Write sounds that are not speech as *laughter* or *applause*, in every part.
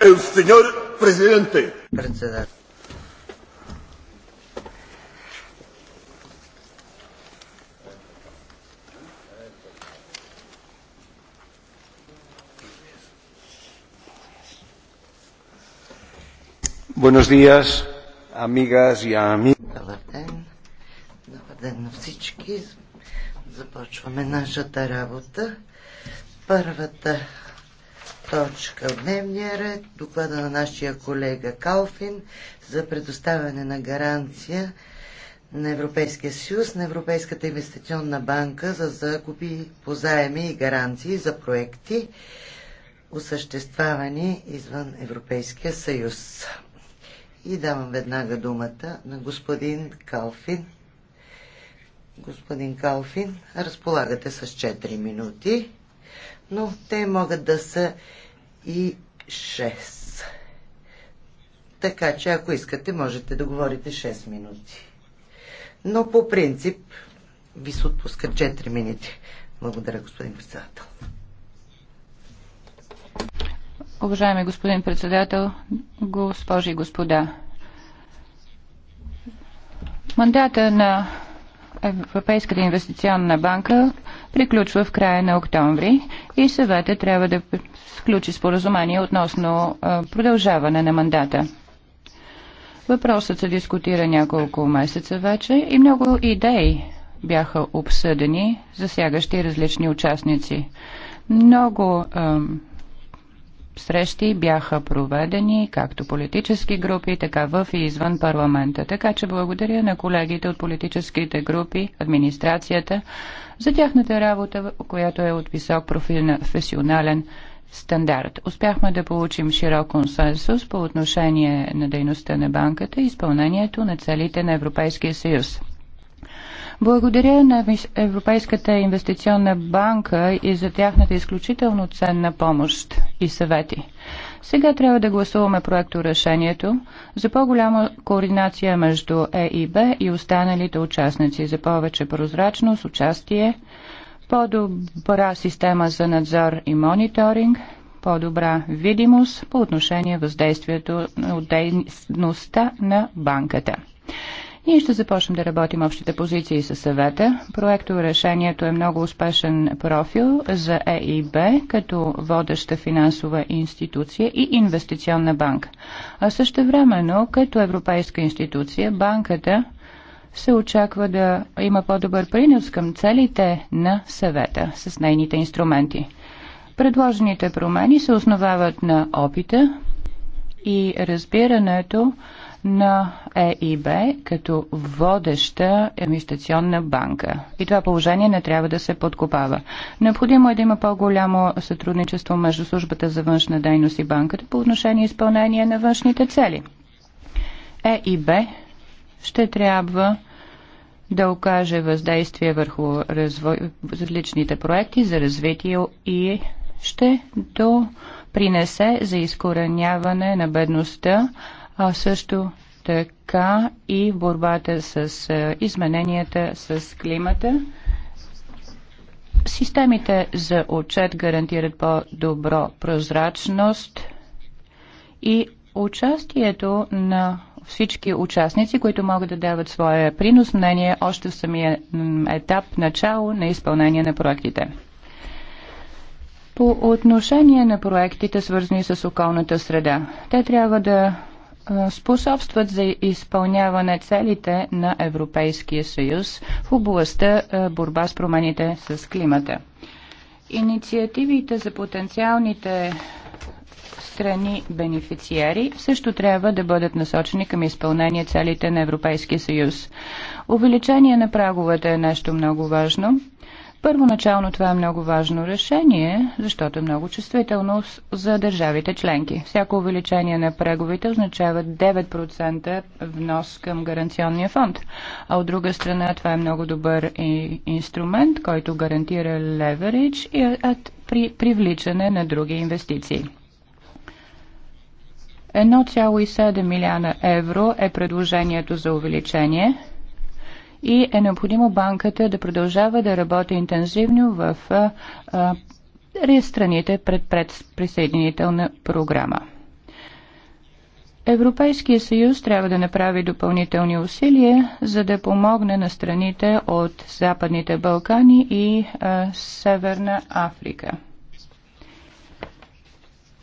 El señor presidente. Buenos días, amigas y amigos. Добър ден. Добър ден на всички. Започваме нашата работа. Първата точка в дневния ред. Доклада на нашия колега Калфин за предоставяне на гаранция на Европейския съюз, на Европейската инвестиционна банка за закупи по заеми и гаранции за проекти, осъществявани извън Европейския съюз. И давам веднага думата на господин Калфин. Господин Калфин, разполагате с 4 минути но те могат да са и 6. Така че, ако искате, можете да говорите 6 минути. Но по принцип ви се отпускат 4 минути. Благодаря, господин председател. Уважаеми господин председател, госпожи и господа, мандата на Европейската инвестиционна банка приключва в края на октомври и съвета трябва да сключи споразумение относно продължаване на мандата. Въпросът се дискутира няколко месеца вече и много идеи бяха обсъдени, засягащи различни участници. Много ам, срещи бяха проведени както политически групи, така в и извън парламента. Така че благодаря на колегите от политическите групи, администрацията, за тяхната работа, която е от висок професионален стандарт. Успяхме да получим широк консенсус по отношение на дейността на банката и изпълнението на целите на Европейския съюз. Благодаря на Европейската инвестиционна банка и за тяхната изключително ценна помощ и съвети. Сега трябва да гласуваме проекто решението за по-голяма координация между ЕИБ и останалите участници, за повече прозрачност, участие, по-добра система за надзор и мониторинг, по-добра видимост по отношение въздействието на дейността на банката. Ние ще започнем да работим общите позиции с съвета. Проекто решението е много успешен профил за ЕИБ като водеща финансова институция и инвестиционна банка. А също времено, като европейска институция, банката се очаква да има по-добър принос към целите на съвета с нейните инструменти. Предложените промени се основават на опита и разбирането на ЕИБ като водеща инвестиционна банка. И това положение не трябва да се подкопава. Необходимо е да има по-голямо сътрудничество между службата за външна дейност и банката по отношение изпълнение на външните цели. ЕИБ ще трябва да окаже въздействие върху развой, различните проекти за развитие и ще допринесе за изкореняване на бедността а също така и в борбата с е, измененията с климата. Системите за отчет гарантират по-добро прозрачност и участието на всички участници, които могат да дават своя принос мнение още в самия етап начало на изпълнение на проектите. По отношение на проектите, свързани с околната среда, те трябва да способстват за изпълняване целите на Европейския съюз в областта е, борба с промените с климата. Инициативите за потенциалните страни бенефициери също трябва да бъдат насочени към изпълнение целите на Европейския съюз. Увеличение на праговете е нещо много важно Първоначално това е много важно решение, защото е много чувствително за държавите членки. Всяко увеличение на преговите означава 9% внос към гаранционния фонд. А от друга страна това е много добър инструмент, който гарантира леверидж и при привличане на други инвестиции. 1,7 милиона евро е предложението за увеличение – и е необходимо банката да продължава да работи интензивно в страните пред предприсъединителна програма. Европейския съюз трябва да направи допълнителни усилия, за да помогне на страните от Западните Балкани и а, Северна Африка.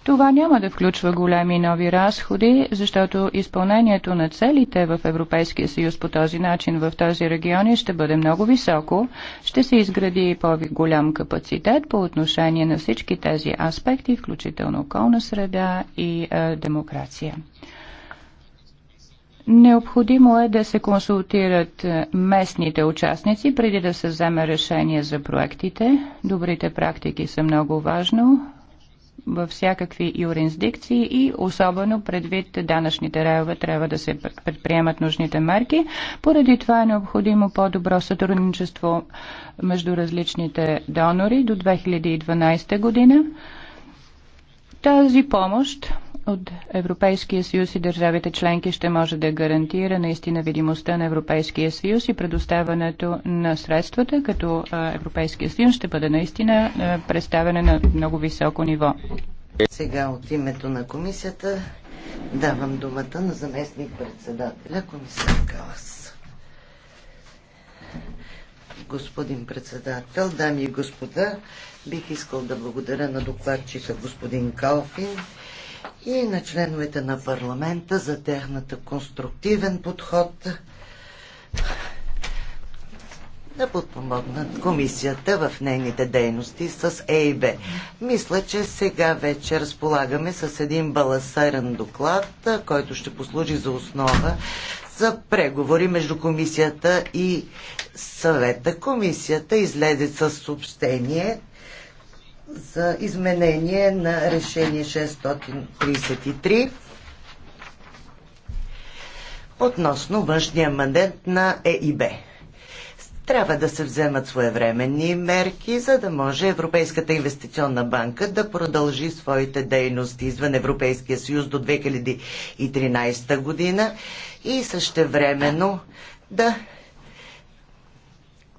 Това няма да включва големи нови разходи, защото изпълнението на целите в Европейския съюз по този начин в този регион ще бъде много високо, ще се изгради и по-голям капацитет по отношение на всички тези аспекти, включително околна среда и е, демокрация. Необходимо е да се консултират е, местните участници преди да се вземе решение за проектите. Добрите практики са много важно във всякакви юрисдикции и особено предвид данъчните райове трябва да се предприемат нужните мерки. Поради това е необходимо по-добро сътрудничество между различните донори до 2012 година. Тази помощ от Европейския съюз и държавите членки ще може да гарантира наистина видимостта на Европейския съюз и предоставянето на средствата, като Европейския съюз ще бъде наистина представене на много високо ниво. Сега от името на комисията давам думата на заместник председателя комисар Калас господин председател, дами и господа. Бих искал да благодаря на докладчика господин Калфин и на членовете на парламента за техната конструктивен подход да подпомогнат комисията в нейните дейности с ЕИБ. Мисля, че сега вече разполагаме с един балансиран доклад, който ще послужи за основа за преговори между комисията и съвета. Комисията излезе с съобщение за изменение на решение 633 относно външния мандат на ЕИБ трябва да се вземат своевременни мерки, за да може Европейската инвестиционна банка да продължи своите дейности извън Европейския съюз до 2013 година и същевременно да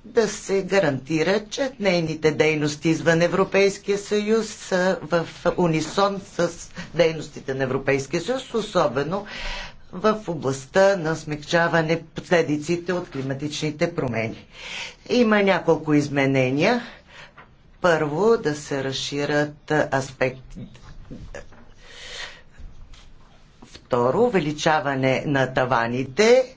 да се гарантира, че нейните дейности извън Европейския съюз са в унисон с дейностите на Европейския съюз, особено в областта на смягчаване последиците от климатичните промени. Има няколко изменения. Първо, да се разширят аспекти. Второ, увеличаване на таваните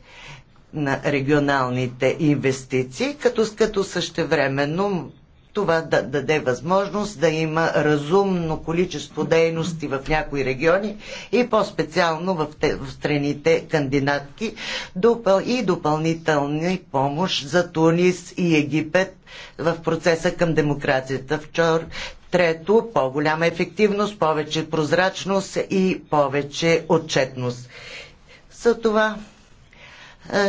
на регионалните инвестиции, като, като същевременно това да даде възможност да има разумно количество дейности в някои региони и по-специално в, те, в страните кандидатки допъл, и допълнителни помощ за Тунис и Египет в процеса към демокрацията. Чор. Трето, по-голяма ефективност, повече прозрачност и повече отчетност. За това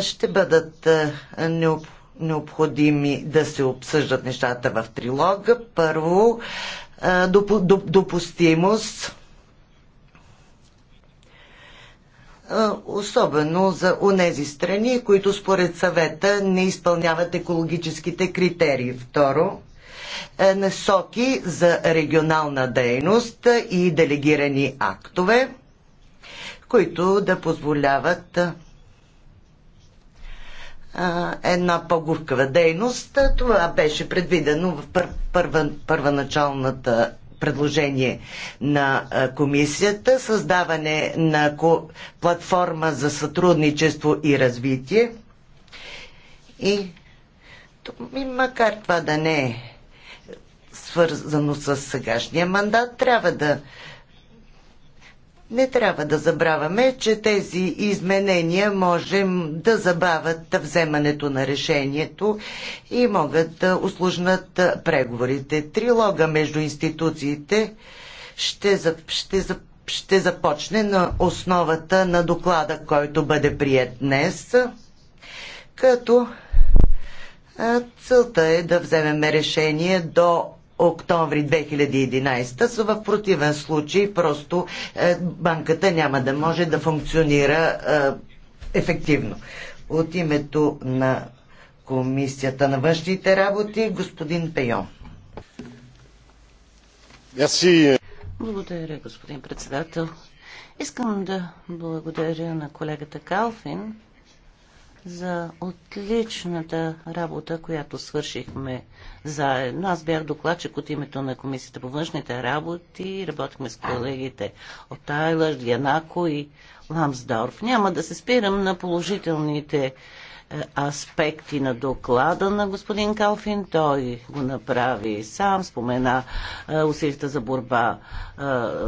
ще бъдат необходими необходими да се обсъждат нещата в трилога. Първо, доп, допустимост, особено за онези страни, които според съвета не изпълняват екологическите критерии. Второ, насоки за регионална дейност и делегирани актове, които да позволяват а, една по гуркава дейност. Това беше предвидено в пър, първа, първоначалната предложение на комисията създаване на платформа за сътрудничество и развитие. и макар това да не е свързано с сегашния мандат, трябва да не трябва да забравяме, че тези изменения можем да забавят вземането на решението и могат да усложнат преговорите. Трилога между институциите ще, ще, ще започне на основата на доклада, който бъде прият днес, като целта е да вземем решение до октомври 2011, са в противен случай просто е, банката няма да може да функционира е, ефективно. От името на Комисията на външните работи, господин Пейон. Благодаря, господин председател. Искам да благодаря на колегата Калфин за отличната работа, която свършихме заедно. Аз бях докладчик от името на Комисията по външните работи. Работихме с колегите от Айлаш, Дианако и Ламсдорф. Няма да се спирам на положителните е, аспекти на доклада на господин Калфин. Той го направи сам, спомена е, усилията за борба е,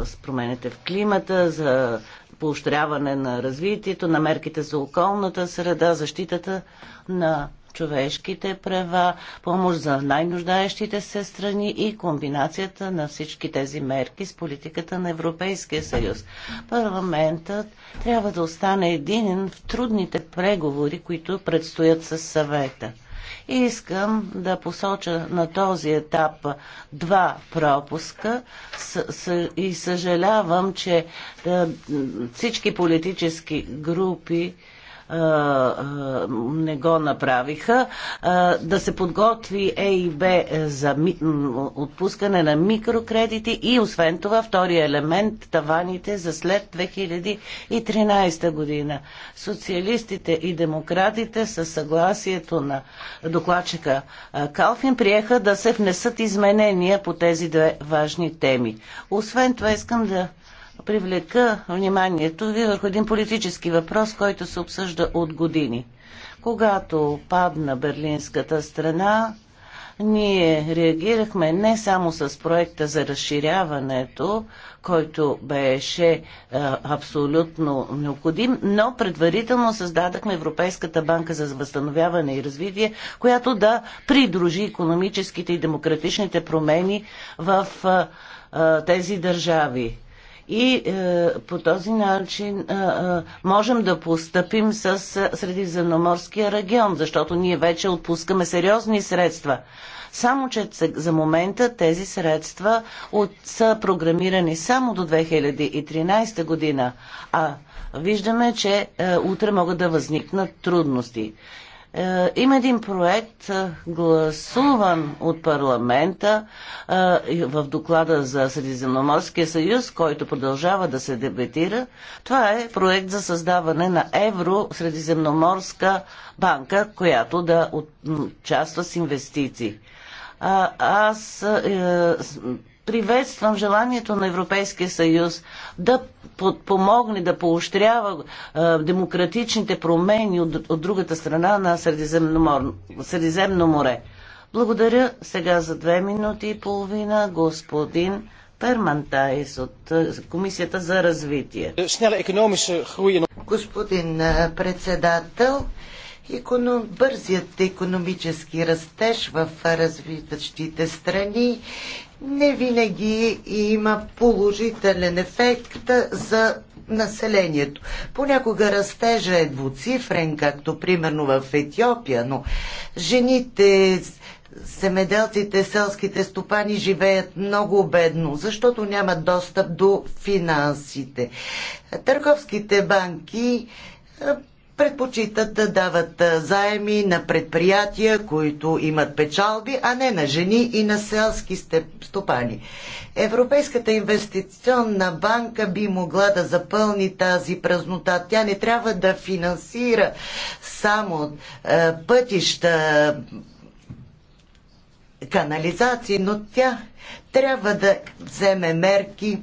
с промените в климата, за поощряване на развитието, на мерките за околната среда, защитата на човешките права, помощ за най-нуждаещите се страни и комбинацията на всички тези мерки с политиката на Европейския съюз. Парламентът трябва да остане един в трудните преговори, които предстоят с съвета. И искам да посоча на този етап два пропуска и съжалявам, че е, всички политически групи не го направиха. Да се подготви Б е, за отпускане на микрокредити и освен това втория елемент таваните за след 2013 година. Социалистите и демократите със съгласието на докладчика Калфин приеха да се внесат изменения по тези две важни теми. Освен това искам да привлека вниманието ви върху един политически въпрос, който се обсъжда от години. Когато падна Берлинската страна, ние реагирахме не само с проекта за разширяването, който беше а, е, абсолютно необходим, но предварително създадахме Европейската банка за възстановяване и развитие, която да придружи економическите и демократичните промени в а, е, е, тези държави и е, по този начин е, е, можем да постъпим с е, Средиземноморския регион, защото ние вече отпускаме сериозни средства. Само, че за момента тези средства от, са програмирани само до 2013 година, а виждаме, че е, утре могат да възникнат трудности. Е, има един проект, е, гласуван от парламента е, в доклада за Средиземноморския съюз, който продължава да се дебетира. Това е проект за създаване на Евро-Средиземноморска банка, която да участва с инвестиции. Аз приветствам желанието на Европейския съюз да подпомогне, да поощрява е, демократичните промени от, от другата страна на Средиземно, море. Благодаря сега за две минути и половина господин Пермантайс от е, Комисията за развитие. Господин е, председател, економ... бързият економически растеж в развитащите страни не винаги има положителен ефект за населението. Понякога растежа е двуцифрен, както примерно в Етиопия, но жените, семеделците, селските стопани живеят много бедно, защото нямат достъп до финансите. Търговските банки предпочитат да дават заеми на предприятия, които имат печалби, а не на жени и на селски стопани. Европейската инвестиционна банка би могла да запълни тази празнота. Тя не трябва да финансира само е, пътища, канализации, но тя трябва да вземе мерки,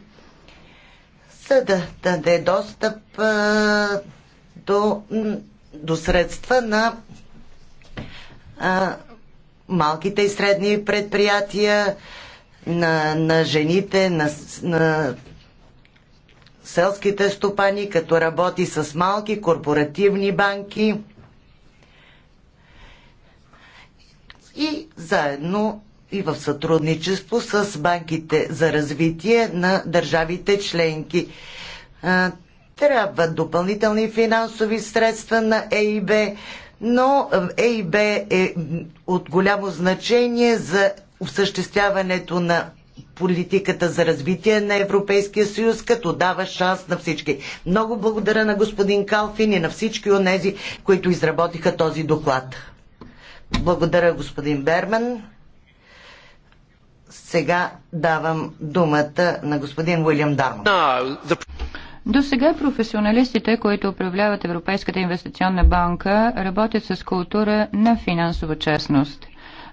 за да даде достъп. Е, до, до средства на а, малките и средни предприятия, на, на жените, на, на селските стопани, като работи с малки корпоративни банки и заедно и в сътрудничество с банките за развитие на държавите членки. Трябва допълнителни финансови средства на ЕИБ, но ЕИБ е от голямо значение за осъществяването на политиката за развитие на Европейския съюз, като дава шанс на всички. Много благодаря на господин Калфин и на всички онези, които изработиха този доклад. Благодаря, господин Берман. Сега давам думата на господин Уилям Дарман. До сега професионалистите, които управляват Европейската инвестиционна банка, работят с култура на финансова честност.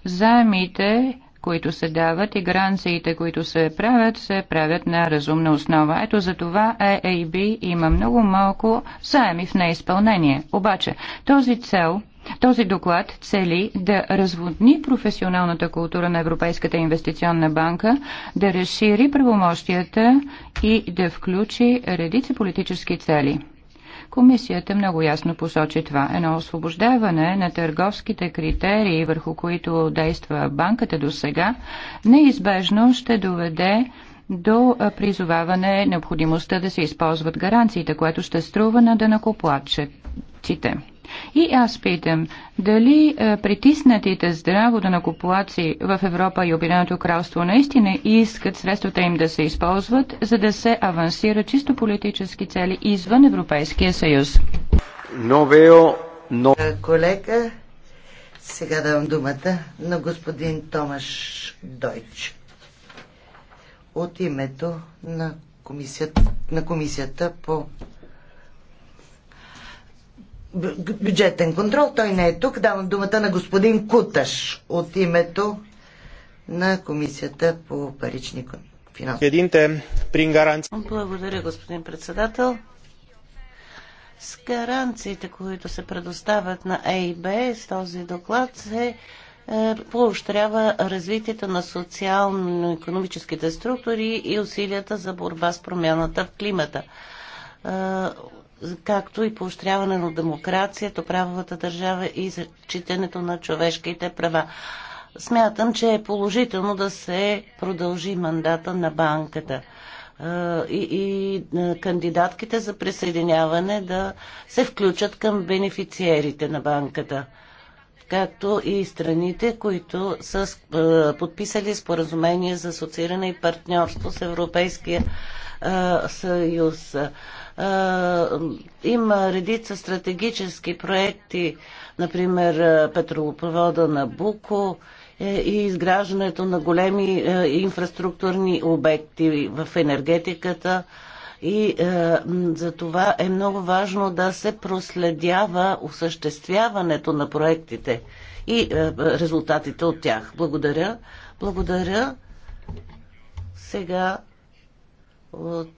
Заемите които се дават и гаранциите, които се правят, се правят на разумна основа. Ето за това EAB има много малко заеми в неизпълнение. Обаче, този цел този доклад цели да разводни професионалната култура на Европейската инвестиционна банка, да разшири правомощията и да включи редица политически цели. Комисията много ясно посочи това. Едно освобождаване на търговските критерии, върху които действа банката до сега, неизбежно ще доведе до призоваване необходимостта да се използват гаранциите, което ще струва на дънакоплатчетите. И аз питам, дали е, притиснатите здраво данакоплаци в Европа и Обединеното кралство наистина искат средствата им да се използват, за да се авансира чисто политически цели извън Европейския съюз? Но вео, но... Е, колега, сега давам думата на господин Томаш Дойч. От името на комисията, на комисията по бюджетен контрол. Той не е тук. Давам думата на господин Куташ от името на Комисията по парични финанси. Благодаря, господин председател. С гаранциите, които се предоставят на ЕИБ с този доклад, се е, поощрява развитието на социално-економическите структури и усилията за борба с промяната в климата е, както и поощряване на демокрацията, правовата държава и зачитането на човешките права. Смятам, че е положително да се продължи мандата на банката е, и, и е, кандидатките за присъединяване да се включат към бенефициерите на банката, както и страните, които са е, подписали споразумение за асоцииране и партньорство с Европейския съюз има редица стратегически проекти, например петролопровода на Буко е, и изграждането на големи инфраструктурни обекти в енергетиката. И е, за това е много важно да се проследява осъществяването на проектите и е, резултатите от тях. Благодаря. Благодаря. Сега от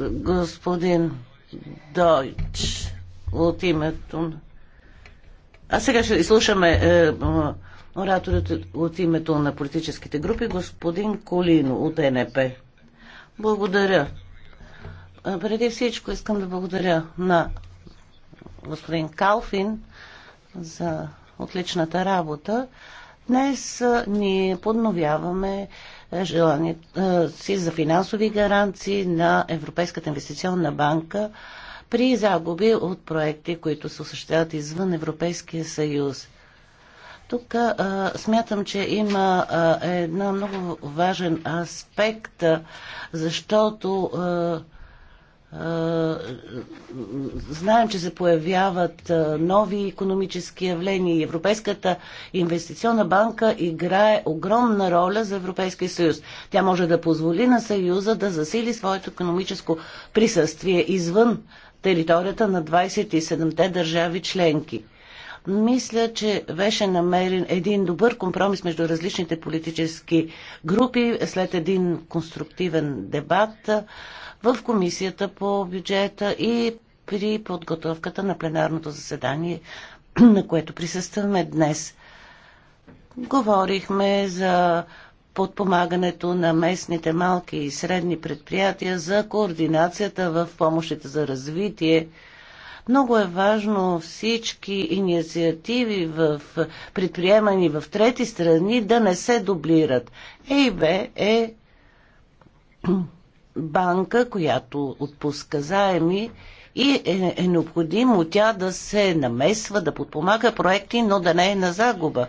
господин Дойч от името. на. А сега ще изслушаме е, ораторът от името на политическите групи, господин Колино от НП. Благодаря. Е, преди всичко искам да благодаря на господин Калфин за отличната работа. Днес е, ние подновяваме е, желанието е, си за финансови гаранции на Европейската инвестиционна банка при загуби от проекти, които се осъществяват извън Европейския съюз. Тук а, е, смятам, че има а, една много важен аспект, защото а, е, знаем, че се появяват е, нови економически явления. Европейската инвестиционна банка играе огромна роля за Европейския съюз. Тя може да позволи на съюза да засили своето економическо присъствие извън територията на 27-те държави членки. Мисля, че беше намерен един добър компромис между различните политически групи след един конструктивен дебат в комисията по бюджета и при подготовката на пленарното заседание, *clears throat* на което присъстваме днес. Говорихме за подпомагането на местните малки и средни предприятия, за координацията в помощите за развитие, много е важно всички инициативи в, предприемани в трети страни да не се дублират. ЕИБ е банка, която отпуска заеми и е, е необходимо тя да се намесва, да подпомага проекти, но да не е на загуба.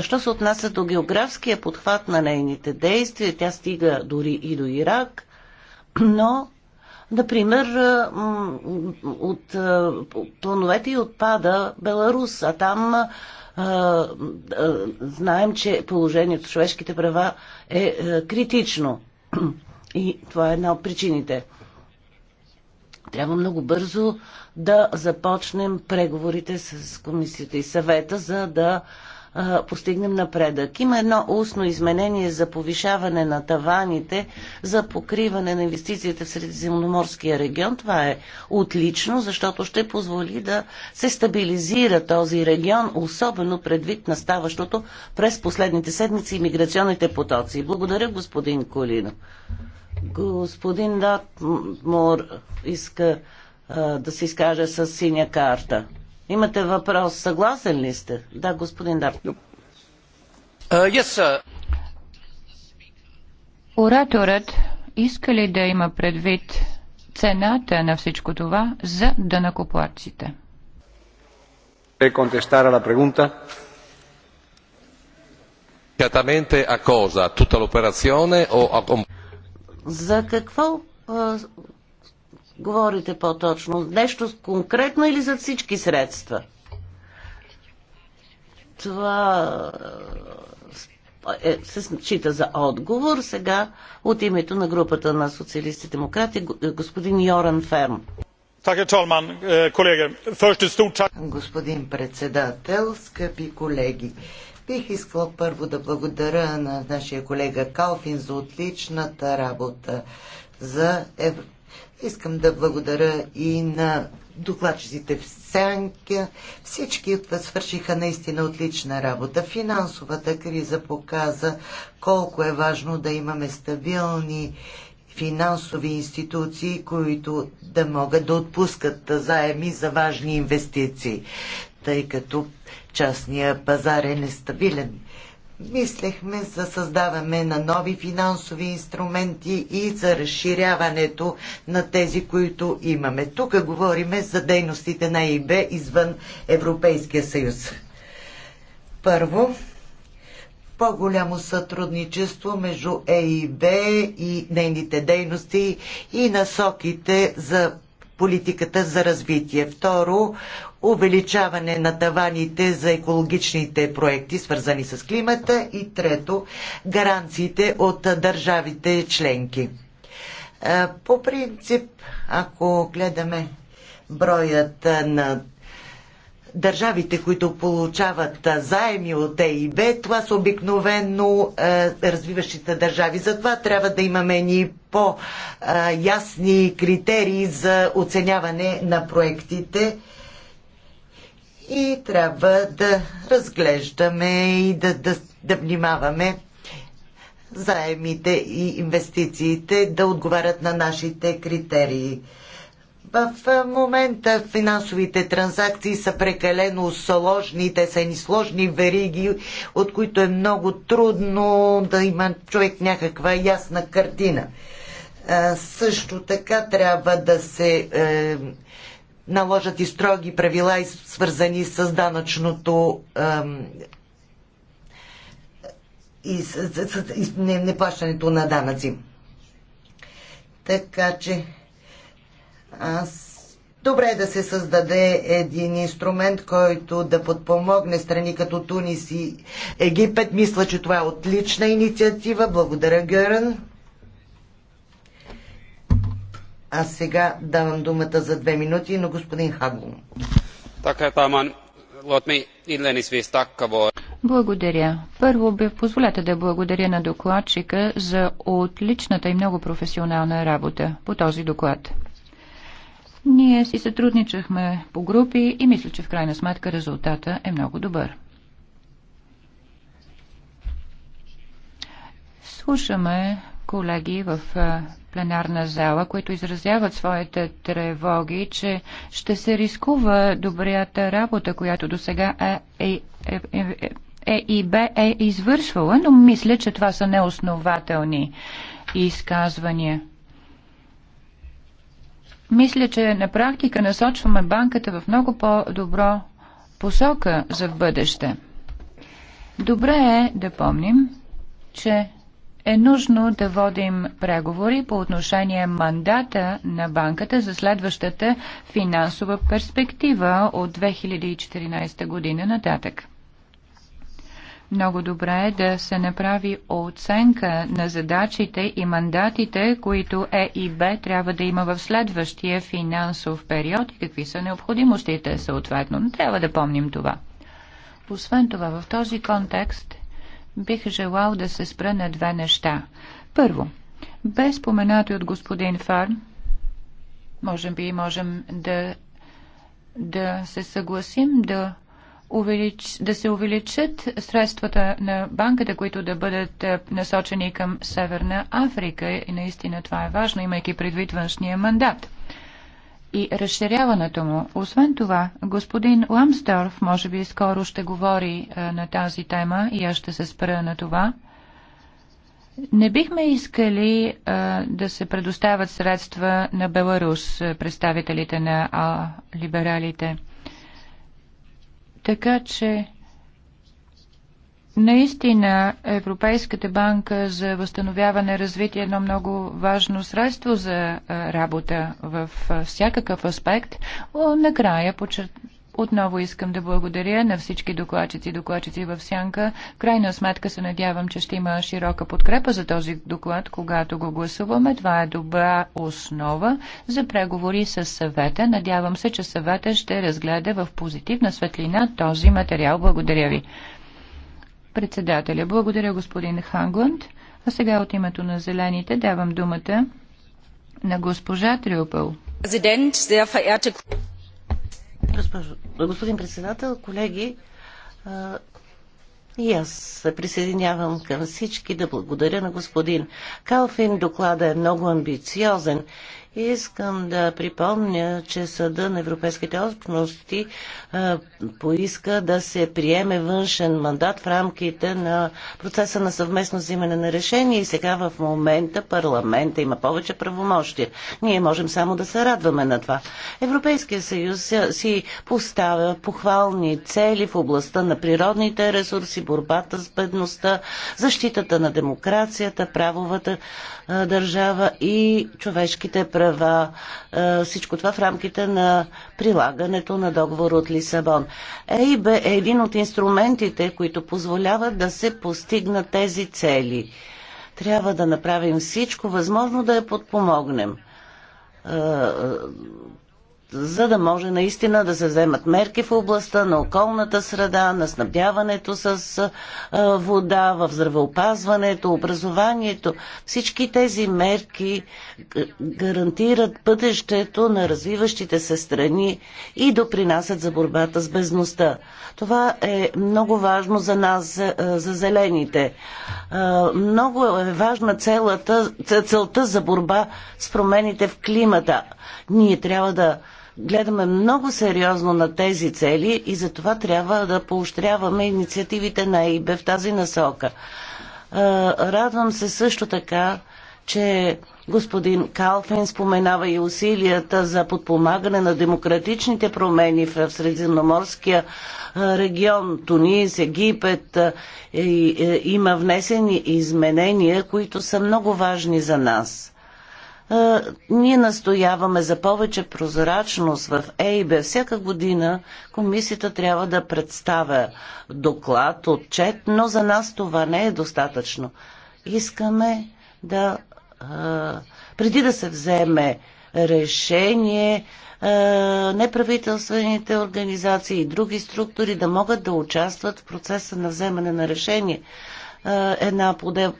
Що се отнася до географския подхват на нейните действия, тя стига дори и до Ирак, но Например, от плановете и отпада Беларус, а там знаем, че положението човешките права е, е критично. И това е една от причините. Трябва много бързо да започнем преговорите с комисията и съвета, за да а, постигнем напредък. Има едно устно изменение за повишаване на таваните за покриване на инвестициите в Средиземноморския регион. Това е отлично, защото ще позволи да се стабилизира този регион, особено предвид на ставащото през последните седмици иммиграционните потоци. Благодаря, господин Колино. Господин Датмор иска а, да се изкаже с синя карта. Имате въпрос. Съгласен ли сте? Да, господин Дарт. Uh, yes, sir. Ораторът иска ли да има предвид цената на всичко това за дънакоплатците? Да contestare За какво говорите по-точно? Нещо конкретно или за всички средства? Това е, се счита за отговор. Сега от името на групата на социалисти-демократи е, господин Йоран Ферм. Е, господин председател, скъпи колеги, бих искал първо да благодаря на нашия колега Калфин за отличната работа за Искам да благодаря и на докладчиците в Сянка. Всички свършиха наистина отлична работа. Финансовата криза показа колко е важно да имаме стабилни финансови институции, които да могат да отпускат заеми за важни инвестиции, тъй като частния пазар е нестабилен мислехме за създаване на нови финансови инструменти и за разширяването на тези, които имаме. Тук говориме за дейностите на ИБ извън Европейския съюз. Първо, по-голямо сътрудничество между ЕИБ и нейните дейности и насоките за политиката за развитие. Второ, увеличаване на таваните за екологичните проекти, свързани с климата и трето, гаранциите от държавите членки. Е, по принцип, ако гледаме броят е, на държавите, които получават е, заеми от ЕИБ, това са обикновено развиващите държави. Затова трябва да имаме ни по-ясни критерии за оценяване на проектите и трябва да разглеждаме и да, да, да внимаваме заемите и инвестициите да отговарят на нашите критерии. В момента финансовите транзакции са прекалено сложни, те са ни сложни вериги, от които е много трудно да има човек някаква ясна картина. А, също така трябва да се е, наложат и строги правила, свързани с данъчното и с, с, с неплащането не на данъци. Така че аз Добре е да се създаде един инструмент, който да подпомогне страни като Тунис и Египет. Мисля, че това е отлична инициатива. Благодаря, Гърън. А сега давам думата за две минути на господин Хагун. Така, е, Таман. Благодаря. Първо бе позволете да благодаря на докладчика за отличната и много професионална работа по този доклад. Ние си сътрудничахме по групи и мисля, че в крайна сметка резултата е много добър. Слушаме колеги в пленарна зала, които изразяват своите тревоги, че ще се рискува добрията работа, която до сега е, е, е, е, бе е извършвала, но мисля, че това са неоснователни изказвания. Мисля, че на практика насочваме банката в много по-добро посока за бъдеще. Добре е да помним, че е нужно да водим преговори по отношение мандата на банката за следващата финансова перспектива от 2014 година нататък. Много добре е да се направи оценка на задачите и мандатите, които Е и Б трябва да има в следващия финансов период и какви са необходимостите съответно. Но трябва да помним това. Освен това, в този контекст бих желал да се спра на две неща. Първо, без споменати от господин Фарн, можем би можем да, да се съгласим да увелич, да се увеличат средствата на банката, които да бъдат е, насочени към Северна Африка. И наистина това е важно, имайки предвид външния мандат и разширяването му. Освен това, господин Ламсдорф може би скоро ще говори е, на тази тема и аз ще се спра на това. Не бихме искали а, е, да се предоставят средства на Беларус, е, представителите на а, либералите. Така че Наистина Европейската банка за възстановяване и развитие е едно много важно средство за работа в всякакъв аспект. Накрая почерт... Отново искам да благодаря на всички докладчици и докладчици в Сянка. Крайна сметка се надявам, че ще има широка подкрепа за този доклад, когато го гласуваме. Това е добра основа за преговори с съвета. Надявам се, че съвета ще разгледа в позитивна светлина този материал. Благодаря ви. Председателя. Благодаря, господин Хангланд. А сега от името на Зелените давам думата на госпожа Трюпъл. господин председател, колеги, и аз се присъединявам към всички да благодаря на господин Калфин. Доклада е много амбициозен Искам да припомня, че Съда на Европейските общности поиска да се приеме външен мандат в рамките на процеса на съвместно взимане на решение и сега в момента парламента има повече правомощия. Ние можем само да се радваме на това. Европейския съюз си поставя похвални цели в областта на природните ресурси, борбата с бедността, защитата на демокрацията, правовата държава и човешките права права, всичко това в рамките на прилагането на договор от Лисабон. ЕИБ е един от инструментите, които позволяват да се постигнат тези цели. Трябва да направим всичко възможно да я подпомогнем за да може наистина да се вземат мерки в областта на околната среда, на снабдяването с вода, в здравеопазването, образованието. Всички тези мерки гарантират пътещето на развиващите се страни и допринасят за борбата с безността. Това е много важно за нас, за зелените. Много е важна целата, целта за борба с промените в климата. Ние трябва да гледаме много сериозно на тези цели и затова трябва да поощряваме инициативите на ИБ в тази насока. Радвам се също така, че господин Калфин споменава и усилията за подпомагане на демократичните промени в Средиземноморския регион, Тунис, Египет. и, е, има внесени изменения, които са много важни за нас ние настояваме за повече прозрачност в ЕИБ. Всяка година комисията трябва да представя доклад, отчет, но за нас това не е достатъчно. Искаме да. преди да се вземе решение, неправителствените организации и други структури да могат да участват в процеса на вземане на решение. Е, една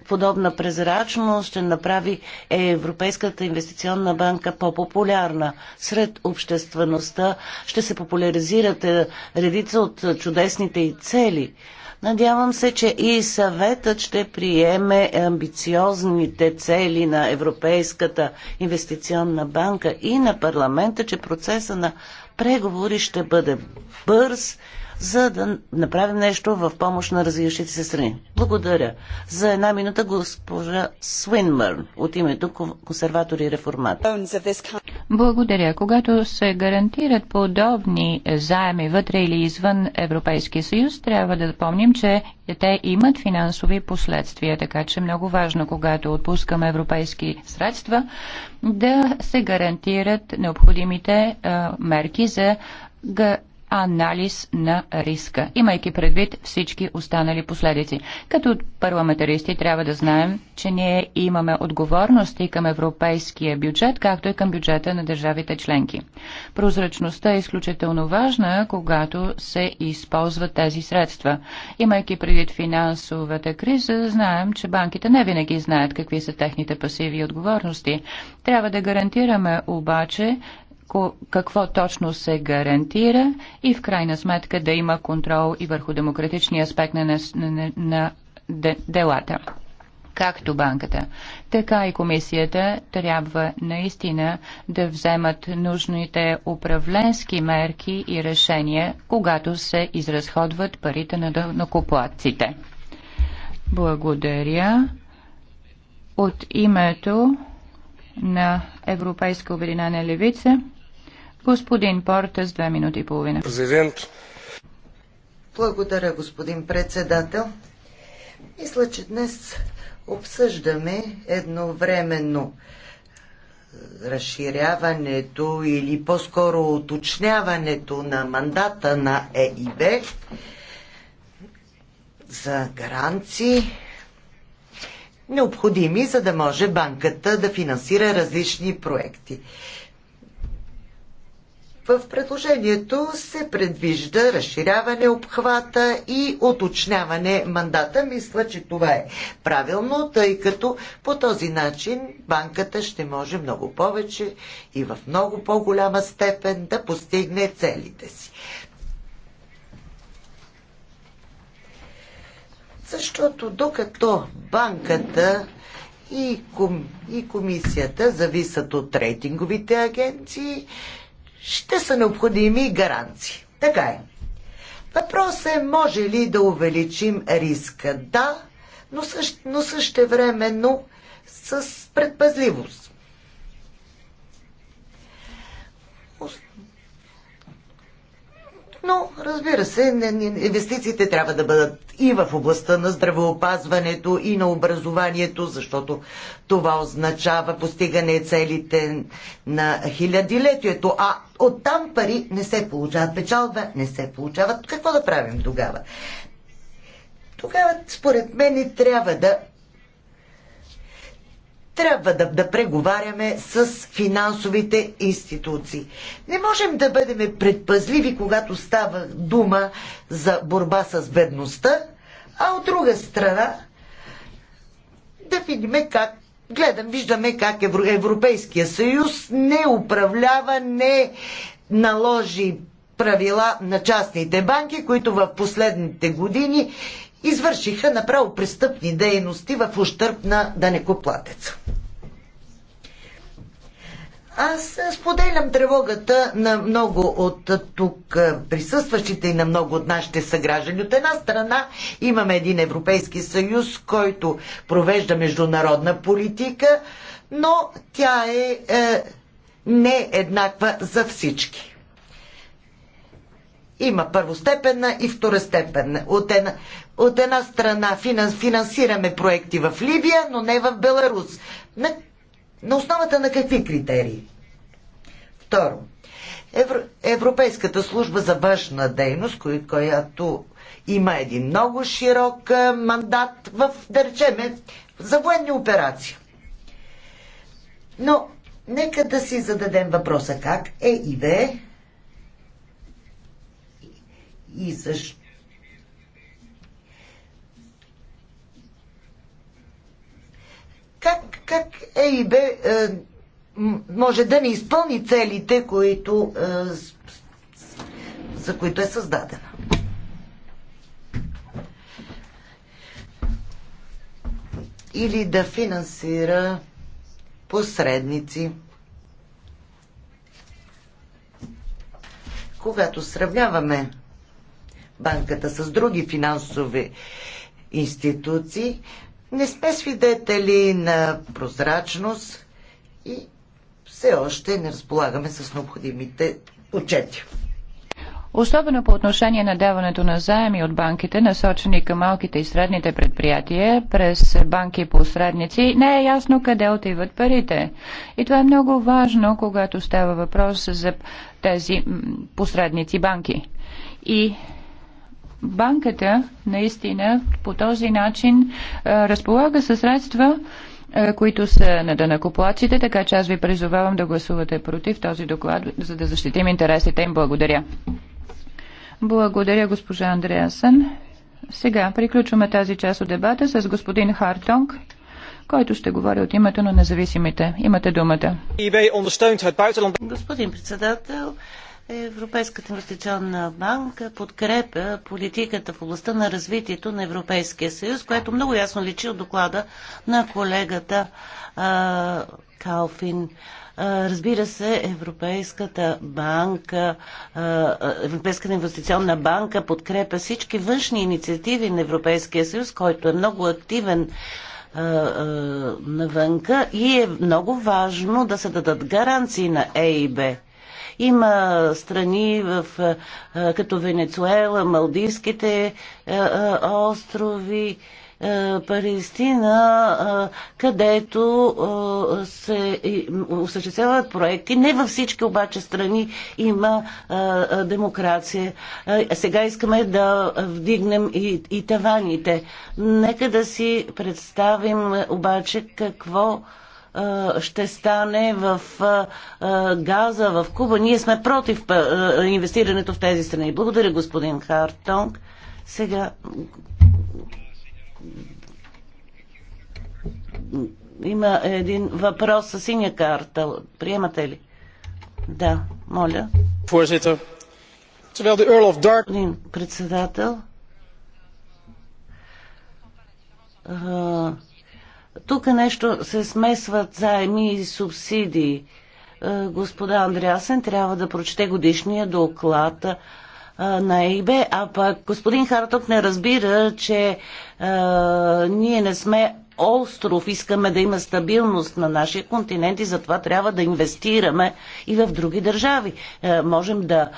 подобна прозрачност ще направи е, Европейската инвестиционна банка по-популярна сред обществеността. Ще се популяризират е, редица от чудесните и цели. Надявам се, че и съветът ще приеме амбициозните цели на Европейската инвестиционна банка и на парламента, че процеса на преговори ще бъде бърз за да направим нещо в помощ на развиващите се страни. Благодаря. За една минута госпожа Свинмърн от името консерватори и реформатори. Благодаря. Когато се гарантират подобни заеми вътре или извън Европейския съюз, трябва да помним, че те имат финансови последствия, така че е много важно, когато отпускаме европейски средства, да се гарантират необходимите мерки за анализ на риска, имайки предвид всички останали последици. Като парламентаристи трябва да знаем, че ние имаме отговорност и към европейския бюджет, както и към бюджета на държавите членки. Прозрачността е изключително важна, когато се използват тези средства. Имайки предвид финансовата криза, знаем, че банките не винаги знаят какви са техните пасиви и отговорности. Трябва да гарантираме обаче какво точно се гарантира и в крайна сметка да има контрол и върху демократичния аспект на, на, на, на де, делата. Както банката, така и комисията трябва наистина да вземат нужните управленски мерки и решения, когато се изразходват парите на накоплатците. Благодаря. От името на Европейска обединена левица. Господин Порта с две минути и половина. Президент. Благодаря, господин председател. Мисля, че днес обсъждаме едновременно разширяването или по-скоро уточняването на мандата на ЕИБ за гаранции необходими, за да може банката да финансира различни проекти. В предложението се предвижда разширяване обхвата и уточняване мандата. Мисля, че това е правилно, тъй като по този начин банката ще може много повече и в много по-голяма степен да постигне целите си. Защото докато банката и, ком, и комисията зависят от рейтинговите агенции, ще са необходими гаранции. Така е. Въпрос е, може ли да увеличим риска? Да, но, също, но същевременно с предпазливост. Но, разбира се, инвестициите трябва да бъдат и в областта на здравеопазването, и на образованието, защото това означава постигане целите на хилядилетието. А оттам пари не се получават, печалба не се получават. Какво да правим тогава? Тогава, според мен, трябва да трябва да, да преговаряме с финансовите институции. Не можем да бъдем предпазливи, когато става дума за борба с бедността, а от друга страна да видим как гледам, виждаме как Европейския съюз не управлява, не наложи правила на частните банки, които в последните години извършиха направо престъпни дейности в ущърп на данекоплатеца. Аз е, споделям тревогата на много от е, тук е, присъстващите и на много от нашите съграждани. От една страна имаме един Европейски съюз, който провежда международна политика, но тя е, е не еднаква за всички. Има първостепенна и второстепенна. От една, от една страна финансираме проекти в Либия, но не в Беларус. На, на основата на какви критерии? Второ, Евро, Европейската служба за външна дейност, която има един много широк мандат в, да речеме, за военни операции. Но нека да си зададем въпроса как е и ЕИБ и защо как, как ЕИБ е, е може да не изпълни целите, които, е, за които е създадена. Или да финансира посредници. Когато сравняваме банката с други финансови институции, не сме свидетели на прозрачност и все още не разполагаме с необходимите отчети. Особено по отношение на даването на заеми от банките, насочени към малките и средните предприятия, през банки и посредници, не е ясно къде отиват парите. И това е много важно, когато става въпрос за тези посредници банки. И банката наистина по този начин е, разполага със средства, е, които са на дънакоплаците, така че аз ви призовавам да гласувате против този доклад, за да защитим интересите им. Благодаря. Благодаря, госпожа Андреасън. Сега приключваме тази част от дебата с господин Хартонг, който ще говори от името на независимите. Имате думата. Е господин председател, Европейската инвестиционна банка подкрепя политиката в областта на развитието на Европейския съюз, което много ясно личи от доклада на колегата а, Калфин. А, разбира се, Европейската банка, а, Европейската инвестиционна банка подкрепя всички външни инициативи на Европейския съюз, който е много активен навънка и е много важно да се дадат гаранции на ЕИБ. Има страни в, като Венецуела, Малдийските острови, Палестина, където се осъществяват проекти. Не във всички обаче страни има демокрация. Сега искаме да вдигнем и, и таваните. Нека да си представим обаче какво ще стане в Газа, в Куба. Ние сме против инвестирането в тези страни. Благодаря, господин Хартонг. Сега. Има един въпрос с синя карта. Приемате ли? Да, моля. Voorzitter, terwijl de Earl of Dark... Председател. Uh тук нещо се смесват заеми и субсидии. Е, господа Андреасен трябва да прочете годишния доклад е, на ЕИБ, а пък господин Харток не разбира, че е, ние не сме остров, искаме да има стабилност на нашия континент и затова трябва да инвестираме и в други държави. Е, можем да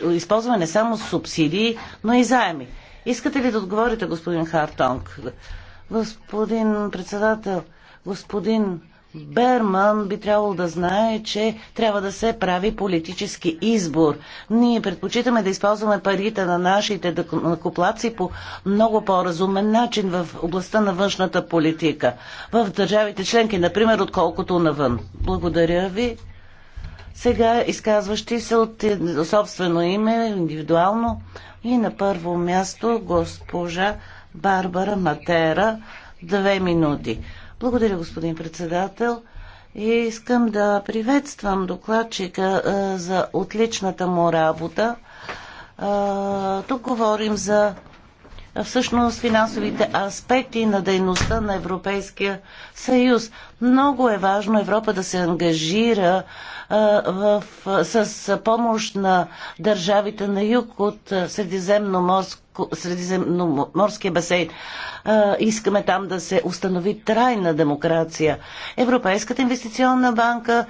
е, е, използваме не само субсидии, но и заеми. Искате ли да отговорите, господин Хартонг? Господин председател, господин Берман би трябвало да знае, че трябва да се прави политически избор. Ние предпочитаме да използваме парите на нашите накоплаци по много по-разумен начин в областта на външната политика. В държавите членки, например, отколкото навън. Благодаря ви. Сега изказващи се от собствено име, индивидуално и на първо място госпожа Барбара Матера. Две минути. Благодаря, господин председател. И искам да приветствам докладчика а, е, за отличната му работа. А, е, тук говорим за всъщност финансовите аспекти на дейността на Европейския съюз. Много е важно Европа да се ангажира в, с помощ на държавите на юг от Средиземноморския басейн. Искаме там да се установи трайна демокрация. Европейската инвестиционна банка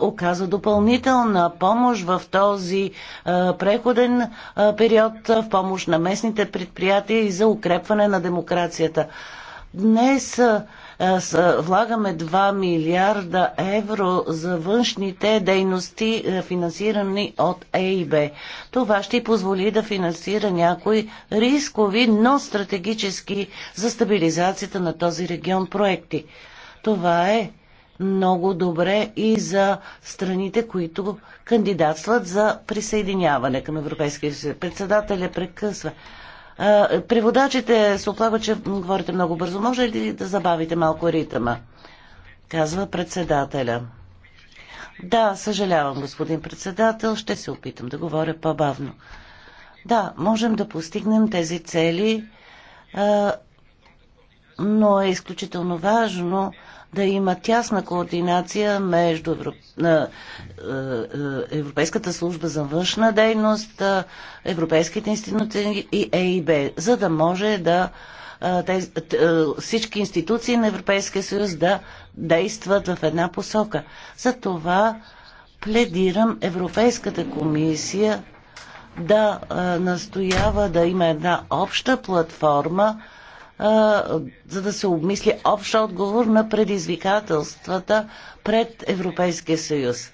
оказа допълнителна помощ в този преходен период в помощ на местните предприятия и за укрепване на демокрацията. Днес е, влагаме 2 милиарда евро за външните дейности, е, финансирани от ЕИБ. Това ще позволи да финансира някои рискови, но стратегически за стабилизацията на този регион проекти. Това е много добре и за страните, които кандидатстват за присъединяване към Европейския съюз. Председателя прекъсва. Приводачите преводачите се оплакват, че говорите много бързо. Може ли да забавите малко ритъма? Казва председателя. Да, съжалявам, господин председател. Ще се опитам да говоря по-бавно. Да, можем да постигнем тези цели, но е изключително важно да има тясна координация между е, е, Европейската служба за външна дейност, е, Европейските институции и ЕИБ, за да може да всички институции на Европейския съюз да действат в една посока. За това пледирам Европейската комисия да настоява да има една обща платформа, за да се обмисли общ отговор на предизвикателствата пред Европейския съюз.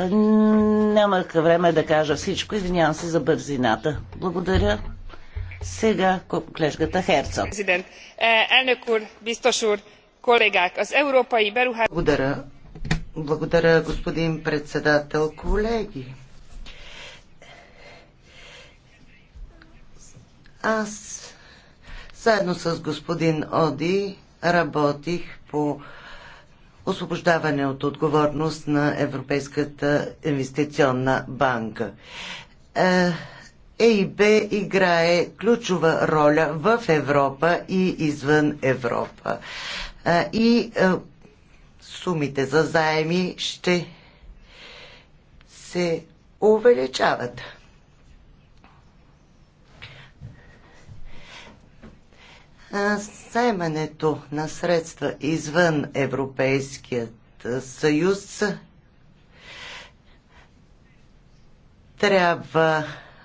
Нямах време да кажа всичко, извинявам се за бързината. Благодаря. Сега колежката Херцог. Е, Благодаря. Благодаря, господин председател, колеги. Аз заедно с господин Оди работих по освобождаване от отговорност на Европейската инвестиционна банка. Е, ЕИБ играе ключова роля в Европа и извън Европа. Е, и е, сумите за заеми ще се увеличават. Заемането на средства извън Европейският съюз трябва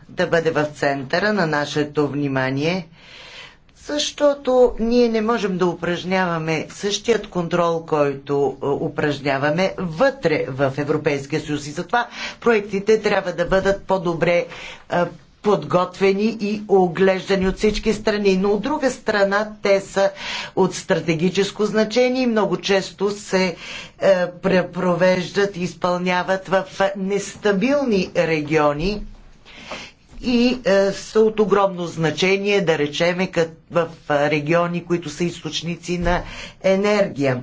да бъде в центъра на нашето внимание, защото ние не можем да упражняваме същият контрол, който упражняваме вътре в Европейския съюз. И затова проектите трябва да бъдат по-добре подготвени и оглеждани от всички страни. Но от друга страна те са от стратегическо значение и много често се е, препровеждат и изпълняват в нестабилни региони и е, са от огромно значение, да речеме, в региони, които са източници на енергия.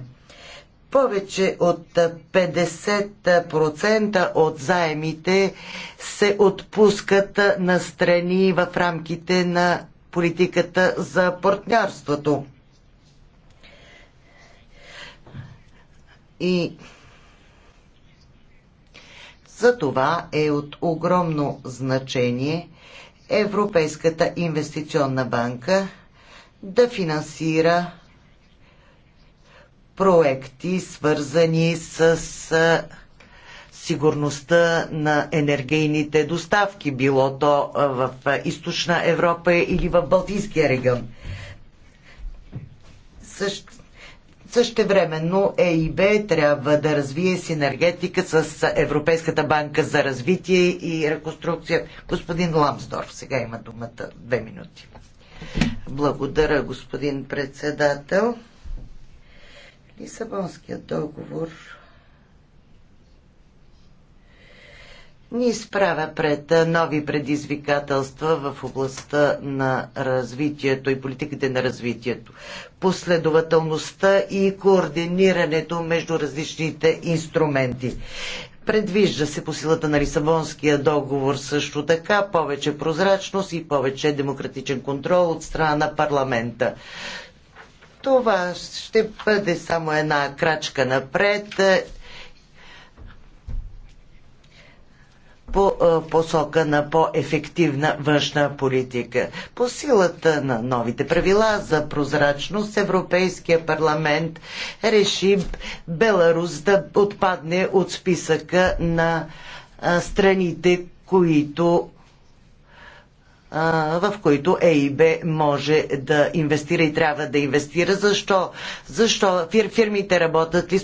Повече от 50% от заемите се отпускат на страни в рамките на политиката за партньорството. И за това е от огромно значение Европейската инвестиционна банка да финансира проекти, свързани с сигурността на енергийните доставки, било то в Източна Европа или в Балтийския регион. Също, Същевременно ЕИБ трябва да развие синергетика с Европейската банка за развитие и реконструкция. Господин Ламсдорф, сега има думата. Две минути. Благодаря, господин председател. Лисабонският договор ни изправя пред нови предизвикателства в областта на развитието и политиките на развитието. Последователността и координирането между различните инструменти. Предвижда се по силата на Лисабонския договор също така повече прозрачност и повече демократичен контрол от страна на парламента. Това ще бъде само една крачка напред е, по е, посока на по-ефективна външна политика. По силата на новите правила за прозрачност, Европейския парламент реши Беларус да отпадне от списъка на е, страните, които в които ЕИБ може да инвестира и трябва да инвестира. Защо? Защо Фир, фирмите работят ли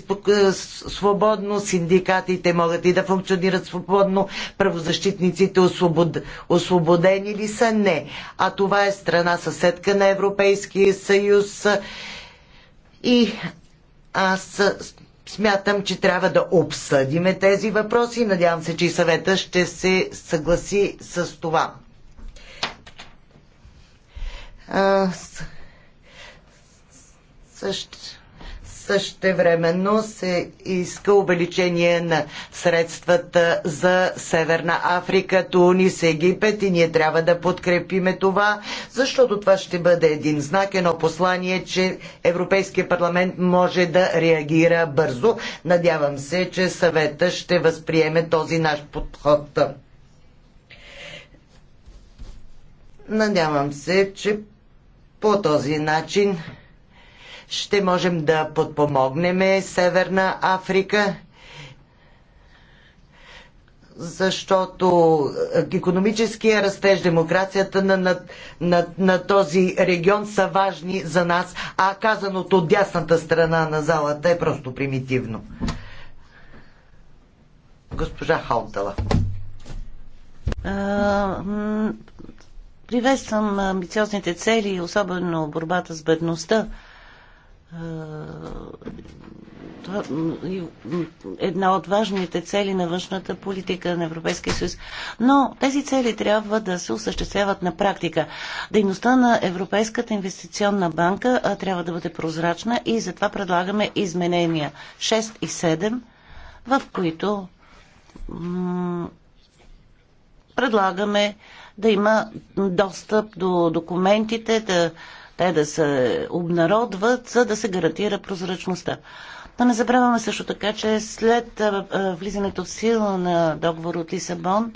свободно, синдикатите могат и да функционират свободно, правозащитниците освобод... освободени ли са? Не. А това е страна съседка на Европейския съюз и аз смятам, че трябва да обсъдиме тези въпроси. Надявам се, че и съвета ще се съгласи с това. Също Същевременно се иска увеличение на средствата за Северна Африка, Тунис, Египет и ние трябва да подкрепиме това, защото това ще бъде един знак, едно послание, че Европейския парламент може да реагира бързо. Надявам се, че съвета ще възприеме този наш подход. Надявам се, че по този начин ще можем да подпомогнем Северна Африка, защото е, економическия растеж, демокрацията на, на, на, на този регион са важни за нас, а казаното от дясната страна на залата е просто примитивно. Госпожа Хаутала. Е, Приветствам амбициозните цели, особено борбата с бедността. Една от важните цели на външната политика на Европейския съюз. Но тези цели трябва да се осъществяват на практика. Дейността на Европейската инвестиционна банка трябва да бъде прозрачна и затова предлагаме изменения 6 и 7, в които предлагаме да има достъп до документите, да, те да се обнародват, за да се гарантира прозрачността. Да не забравяме също така, че след влизането в сила на договор от Лисабон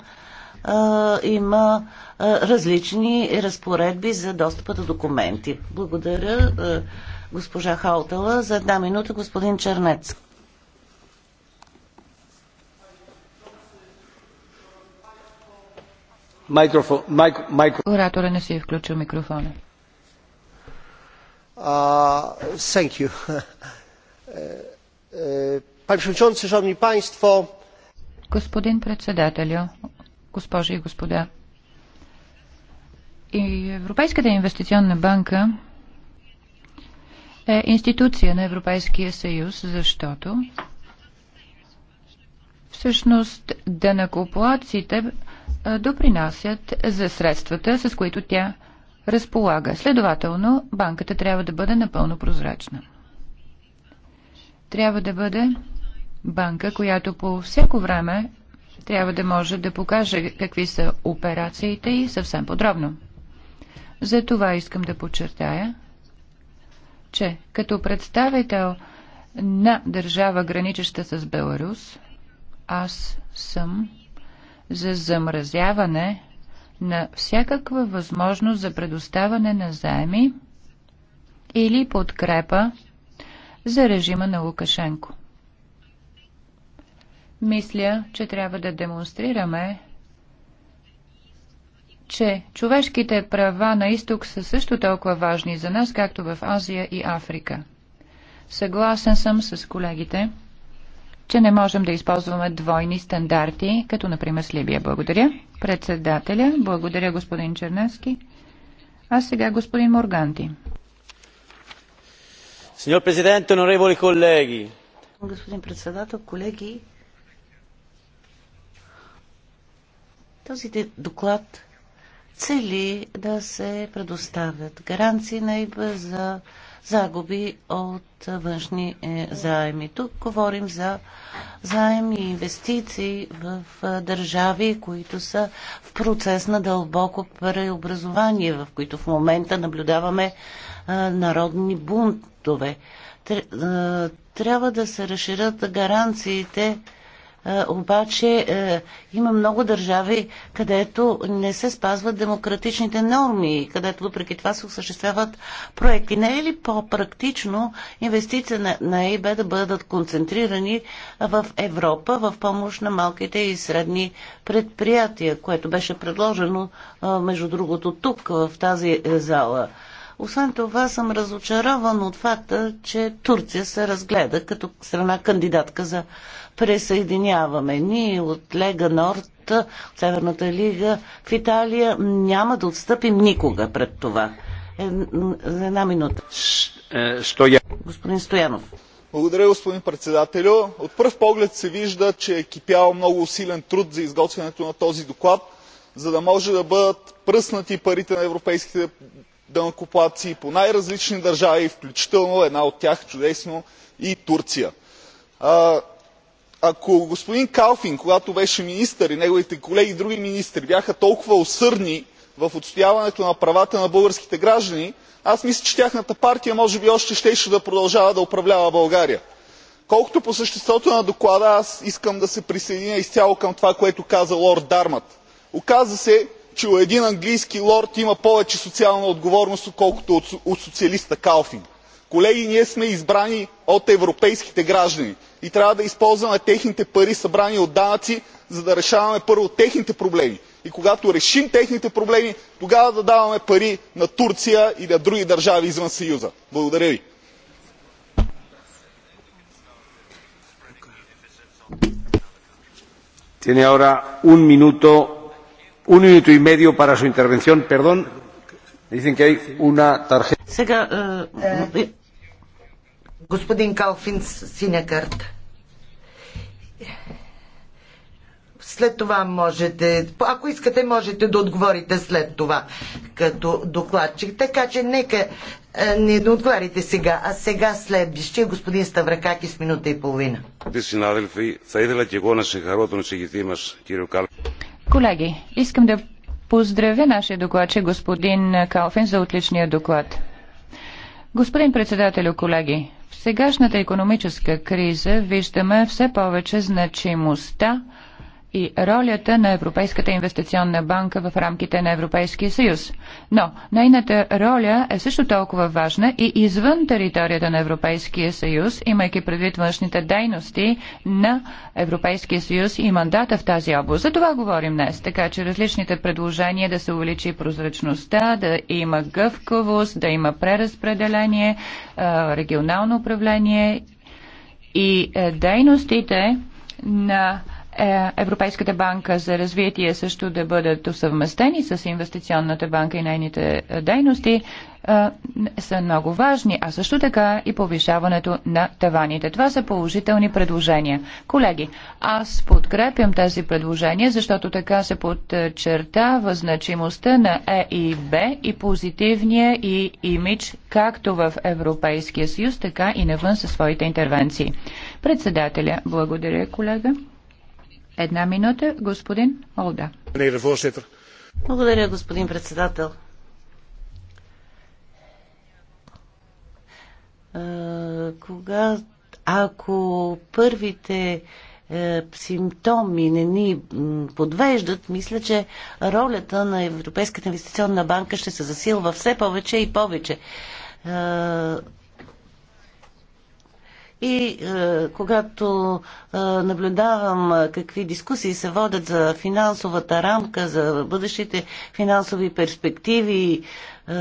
има различни разпоредби за достъпа до документи. Благодаря госпожа Хаутала. За една минута господин Чернец. Микрофон, не си е включил микрофона. *laughs* Е, е, Господин председателю, госпожи и господа, Европейската инвестиционна банка е институция на Европейския съюз, защото всъщност данакоплаците да допринасят за средствата, с които тя разполага. Следователно, банката трябва да бъде напълно прозрачна. Трябва да бъде банка, която по всяко време трябва да може да покаже какви са операциите и съвсем подробно. За това искам да подчертая, че като представител на държава, граничеща с Беларус, аз съм за замразяване на всякаква възможност за предоставане на заеми или подкрепа за режима на Лукашенко. Мисля, че трябва да демонстрираме, че човешките права на изток са също толкова важни за нас, както в Азия и Африка. Съгласен съм с колегите, че не можем да използваме двойни стандарти, като например с Либия. Благодаря. Председателя, благодаря господин Чернески. А сега господин Морганти. Сеньор президент, onorevoli колеги. Господин председател, колеги, този доклад цели да се предоставят гаранции на иба за загуби от външни е, заеми. Тук говорим за заеми и инвестиции в е, държави, които са в процес на дълбоко преобразование, в които в момента наблюдаваме е, народни бунтове. Трябва да се разширят гаранциите обаче е, има много държави, където не се спазват демократичните норми, където въпреки това се осъществяват проекти. Не е ли по-практично инвестиции на, на ЕИБ да бъдат концентрирани в Европа в помощ на малките и средни предприятия, което беше предложено, между другото, тук, в тази е, зала? Освен това съм разочарован от факта, че Турция се разгледа като страна кандидатка за присъединяваме. Ние от Лега Норд, от Северната лига в Италия няма да отстъпим никога пред това. Е, за една минута. Е, Стоя... Господин Стоянов. Благодаря, господин председателю. От пръв поглед се вижда, че е кипял много усилен труд за изготвянето на този доклад, за да може да бъдат пръснати парите на европейските данъкоплатци по най различни държави включително една от тях чудесно и турция. ако господин калфин когато беше министър и неговите колеги други министри бяха толкова усърдни в отстояването на правата на българските граждани аз мисля че тяхната партия може би още щеше да продължава да управлява българия. колкото по съществото на доклада аз искам да се присъединя изцяло към това което каза лорд дармат. оказа се че един английски лорд има повече социална отговорност отколкото от социалиста калфин. колеги ние сме избрани от европейските граждани и трябва да използваме техните пари събрани от данъци за да решаваме първо техните проблеми и когато решим техните проблеми тогава да даваме пари на турция и на други държави извън съюза. благодаря ви. un minuto сега, е, господин Калфин, синя карта. След това можете, ако искате, можете да отговорите след това като докладчик. Така че нека е, не да отговарите сега, а сега следващия господин с минута и половина. Колеги, искам да поздравя нашия докладчик господин Калфин за отличния доклад. Господин председателю, колеги, в сегашната економическа криза виждаме все повече значимостта и ролята на Европейската инвестиционна банка в рамките на Европейския съюз. Но нейната роля е също толкова важна и извън територията на Европейския съюз, имайки предвид външните дейности на Европейския съюз и мандата в тази област. За това говорим днес, така че различните предложения да се увеличи прозрачността, да има гъвкавост, да има преразпределение, регионално управление и е, дейностите на е, Европейската банка за развитие също да бъдат усъвместени с инвестиционната банка и нейните е, дейности е, са много важни, а също така и повишаването на таваните. Това са положителни предложения. Колеги, аз подкрепям тези предложения, защото така се подчертава значимостта на ЕИБ и позитивния и имидж, както в Европейския съюз, така и навън със своите интервенции. Председателя, благодаря, колега. Една минута, господин Олда. Благодаря, господин председател. Кога, ако първите е, симптоми не ни подвеждат, мисля, че ролята на Европейската инвестиционна банка ще се засилва все повече и повече. И е, когато е, наблюдавам е, какви дискусии се водят за финансовата рамка, за бъдещите финансови перспективи, е, е,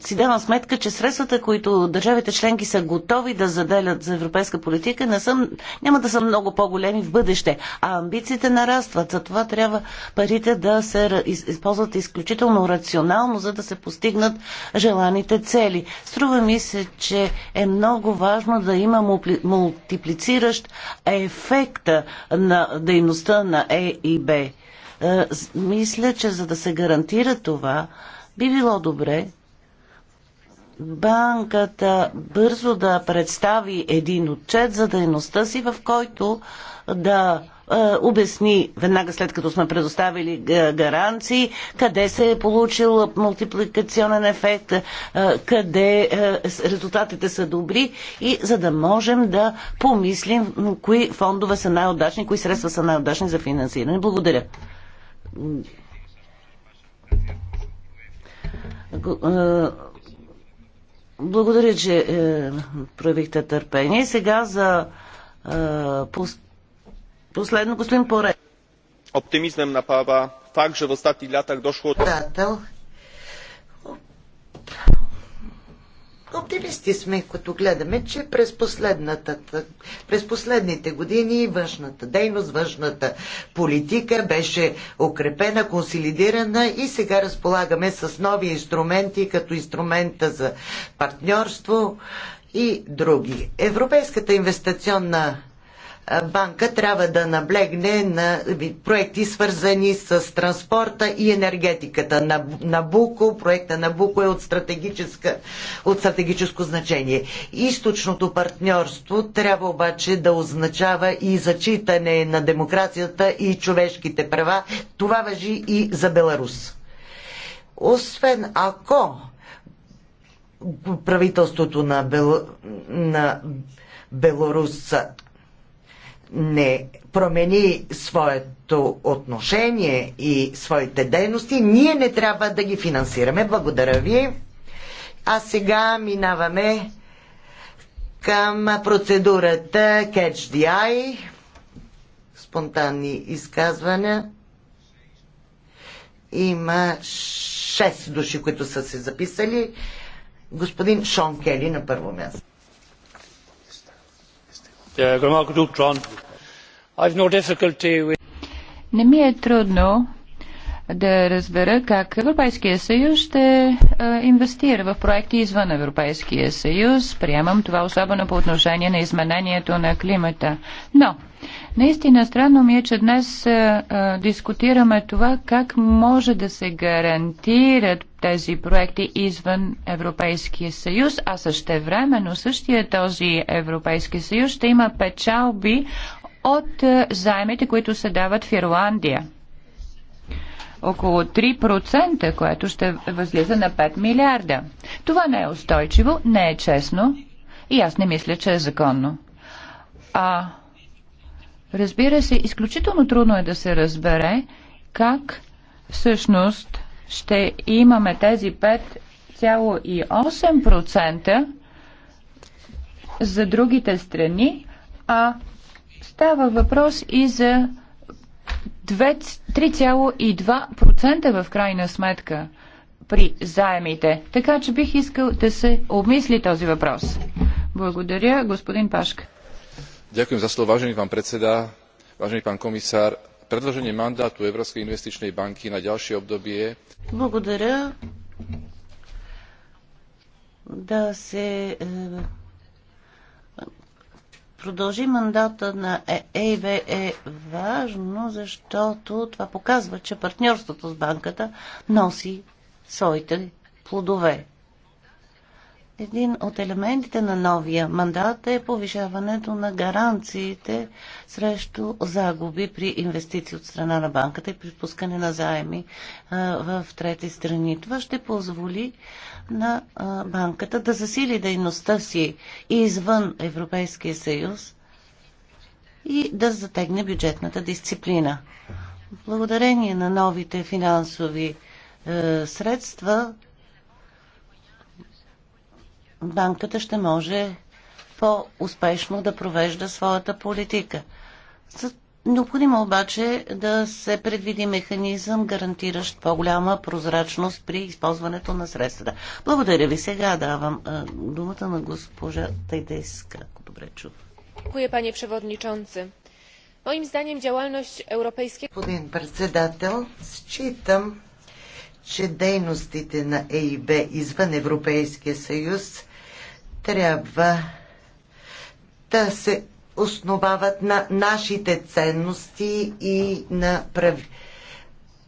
си давам сметка, че средствата, които държавите членки са готови да заделят за европейска политика, не са, няма да са много по-големи в бъдеще. А амбициите нарастват. Затова трябва парите да се използват изключително рационално, за да се постигнат желаните цели. Струва ми се, че е много важно да има мултиплициращ ефекта на дейността на Е и Б. Е, мисля, че за да се гарантира това, би било добре банката бързо да представи един отчет за дейността си, в който да е, обясни, веднага след като сме предоставили е, гаранции, къде се е получил мултипликационен ефект, е, къде е, резултатите са добри и за да можем да помислим кои фондове са най-удачни, кои средства са най-удачни за финансиране. Благодаря. Е, благодаря, че е, проявихте търпение. сега за е, пос... последно господин Поре. на напава факт, че в ostatnich latach Да, да. Оптимисти сме, като гледаме, че през, последната, през последните години външната дейност, външната политика беше укрепена, консолидирана и сега разполагаме с нови инструменти, като инструмента за партньорство и други. Европейската инвестиционна банка трябва да наблегне на проекти свързани с транспорта и енергетиката. Набуко, проекта Набуко е от, от стратегическо значение. Източното партньорство трябва обаче да означава и зачитане на демокрацията и човешките права. Това въжи и за Беларус. Освен ако правителството на, Бел... на Беларус не промени своето отношение и своите дейности, ние не трябва да ги финансираме. Благодаря ви. А сега минаваме към процедурата Catch the Eye. Спонтанни изказвания. Има 6 души, които са се записали. Господин Шон Кели на първо място. Е, Не ми е трудно да господин да разбера как Европейския съюз ще инвестира в проекти извън Европейския съюз. Приемам това особено по отношение на изменението на климата. Но, наистина странно ми е, че днес дискутираме това как може да се гарантират тези проекти извън Европейския съюз, а но същия този Европейски съюз ще има печалби от заемите, които се дават в Ирландия около 3%, което ще възлиза на 5 милиарда. Това не е устойчиво, не е честно и аз не мисля, че е законно. А разбира се, изключително трудно е да се разбере как всъщност ще имаме тези 5,8% за другите страни, а става въпрос и за 3,2% в крайна сметка при заемите. Така че бих искал да се обмисли този въпрос. Благодаря, господин Пашка. Ďakujem za slovo, vážený pán predseda, vážený pán komisár. Predloženie mandátu Európskej investičnej banky na ďalšie obdobie. Благодаря. Да се продължи мандата на ЕИБ е-, е важно, защото това показва, че партньорството с банката носи своите плодове. Един от елементите на новия мандат е повишаването на гаранциите срещу загуби при инвестиции от страна на банката и при пускане на заеми в трети страни. Това ще позволи на банката да засили дейността си извън Европейския съюз и да затегне бюджетната дисциплина. Благодарение на новите финансови е, средства, банката ще може по-успешно да провежда своята политика. За Необходимо обаче да се предвиди механизъм, гарантиращ по-голяма прозрачност при използването на средствата. Благодаря ви. Сега давам думата на госпожа Тайдеска, добре чу. Dziękuję panie Преводничонце. Моим зданием дяволност europejskiego... Господин председател, считам, че дейностите на ЕИБ извън Европейския съюз трябва да се основават на нашите ценности и на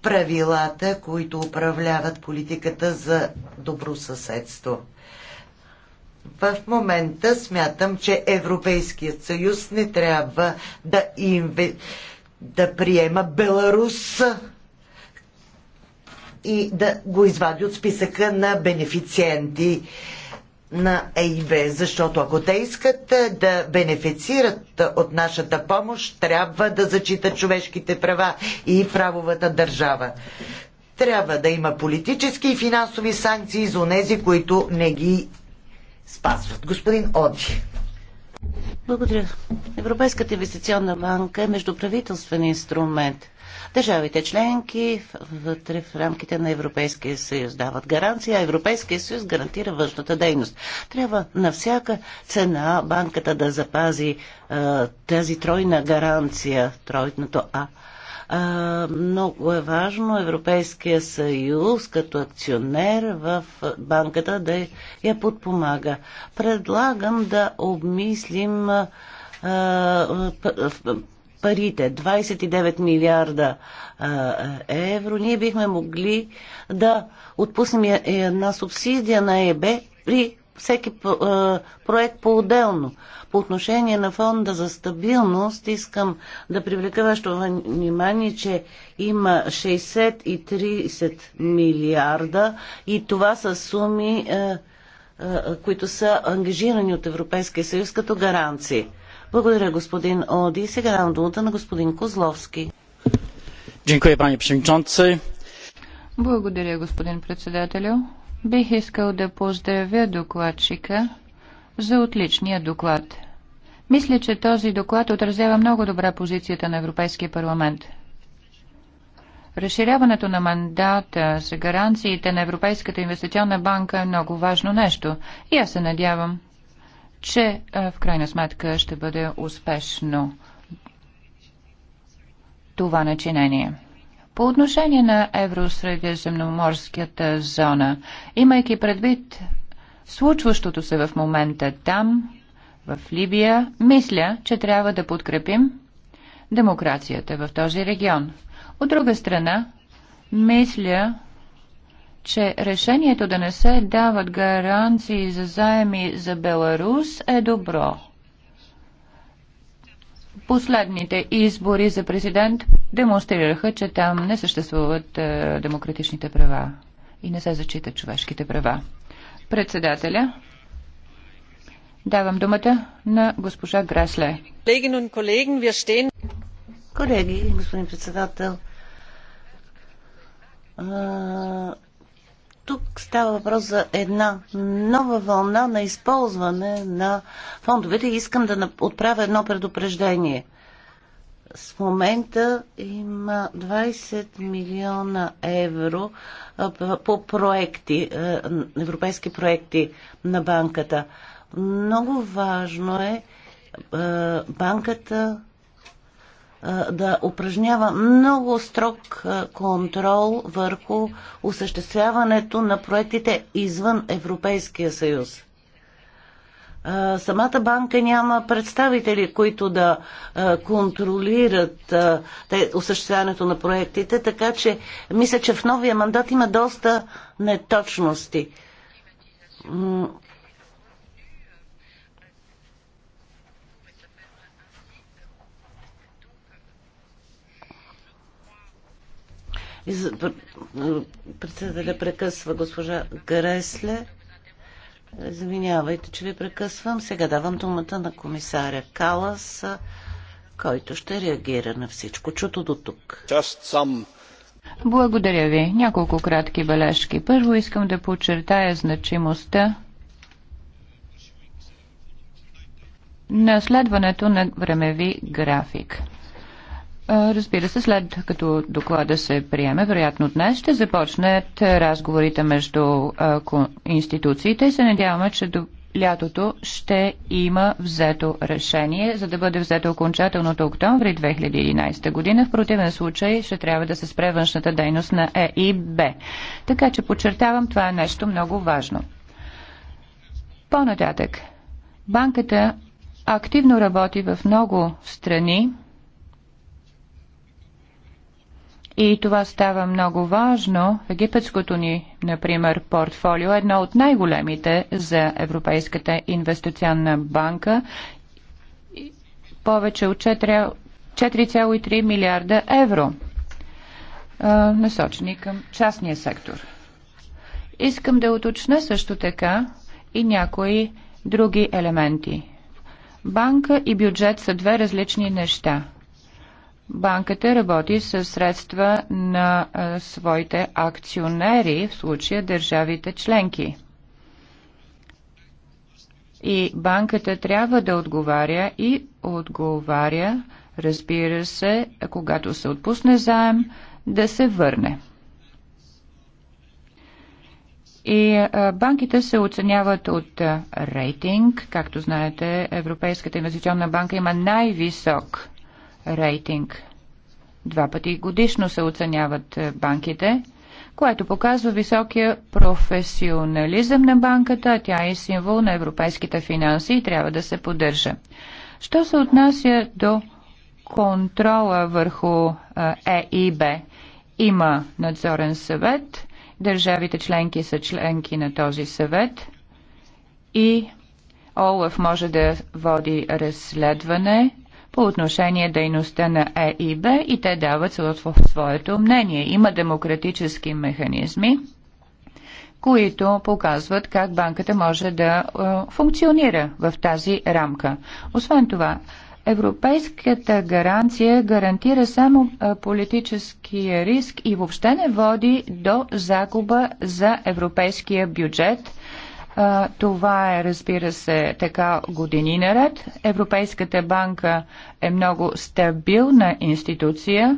правилата, които управляват политиката за добро съседство. В момента смятам, че Европейският съюз не трябва да, инве... да приема Беларус и да го извади от списъка на бенефициенти на ЕИБ, защото ако те искат да бенефицират от нашата помощ, трябва да зачитат човешките права и правовата държава. Трябва да има политически и финансови санкции за онези, които не ги спазват. Господин Оди. Благодаря. Европейската инвестиционна банка е междуправителствен инструмент – Държавите членки вътре в рамките на Европейския съюз дават гаранция, а Европейския съюз гарантира външната дейност. Трябва на всяка цена банката да запази а, тази тройна гаранция, тройното А. А, много е важно Европейския съюз като акционер в банката да я подпомага. Предлагам да обмислим а, парите 29 милиарда евро, ние бихме могли да отпуснем е, една субсидия на ЕБ при всеки проект по-отделно. По отношение на фонда за стабилност искам да привлека вашето внимание, че има 60 и 30 милиарда и това са суми, които са ангажирани от Европейския съюз като гаранции. Благодаря, господин Оди. Сега давам думата на господин Козловски. Дякую, пани Благодаря, господин председателю. Бих искал да поздравя докладчика за отличния доклад. Мисля, че този доклад отразява много добра позицията на Европейския парламент. Разширяването на мандата за гаранциите на Европейската инвестиционна банка е много важно нещо и аз се надявам, че е, в крайна сметка ще бъде успешно това начинение. По отношение на Евросредиземноморската зона, имайки предвид случващото се в момента там, в Либия, мисля, че трябва да подкрепим демокрацията в този регион. От друга страна, мисля, че решението да не се дават гаранции за заеми за Беларус е добро. Последните избори за президент демонстрираха, че там не съществуват е, демократичните права и не се зачитат човешките права. Председателя, давам думата на госпожа Грасле. Колеги, господин председател, тук става въпрос за една нова вълна на използване на фондовете и искам да отправя едно предупреждение. С момента има 20 милиона евро по проекти, европейски проекти на банката. Много важно е банката да упражнява много строг контрол върху осъществяването на проектите извън Европейския съюз. Самата банка няма представители, които да контролират осъществяването на проектите, така че мисля, че в новия мандат има доста неточности Председателя прекъсва госпожа Гресле. Извинявайте, че ви прекъсвам. Сега давам думата на комисаря Калас, който ще реагира на всичко чуто до тук. Благодаря ви. Няколко кратки бележки. Първо искам да подчертая значимостта на следването на времеви график. Разбира се, след като доклада се приеме, вероятно днес ще започнат разговорите между институциите и се надяваме, че до лятото ще има взето решение, за да бъде взето окончателното октомври 2011 година. В противен случай ще трябва да се спре външната дейност на ЕИБ. Така че подчертавам, това е нещо много важно. По-нататък, банката активно работи в много страни, И това става много важно. Египетското ни, например, портфолио е едно от най-големите за Европейската инвестиционна банка. Повече от 4,3 милиарда евро насочени към частния сектор. Искам да уточня също така и някои други елементи. Банка и бюджет са две различни неща – банката работи със средства на а, своите акционери, в случая държавите членки. И банката трябва да отговаря и отговаря, разбира се, когато се отпусне заем, да се върне. И банките се оценяват от рейтинг. Както знаете, Европейската инвестиционна банка има най-висок рейтинг. Два пъти годишно се оценяват е, банките, което показва високия професионализъм на банката. Тя е символ на европейските финанси и трябва да се поддържа. Що се отнася до контрола върху ЕИБ? Има надзорен съвет, държавите членки са членки на този съвет и ОЛАФ може да води разследване по отношение дейността на ЕИБ и те дават своето мнение. Има демократически механизми, които показват как банката може да функционира в тази рамка. Освен това, Европейската гаранция гарантира само политическия риск и въобще не води до загуба за европейския бюджет това е, разбира се, така години наред. Европейската банка е много стабилна институция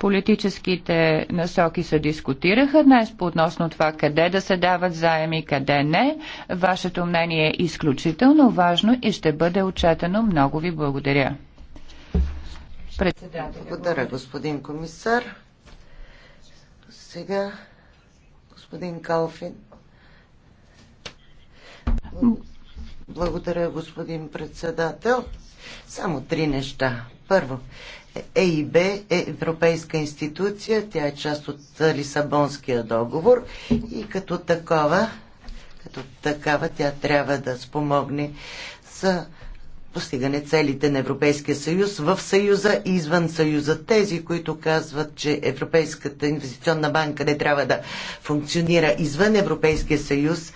политическите насоки се дискутираха днес по относно това къде да се дават заеми, къде не. Вашето мнение е изключително важно и ще бъде отчетено. Много ви благодаря. Председател. Благодаря, господин комисар. Сега господин Калфин. Благодаря, господин председател. Само три неща. Първо, ЕИБ е европейска институция, тя е част от Лисабонския договор и като такова, като такава тя трябва да спомогне за постигане целите на Европейския съюз в съюза и извън съюза. Тези, които казват, че Европейската инвестиционна банка не трябва да функционира извън Европейския съюз,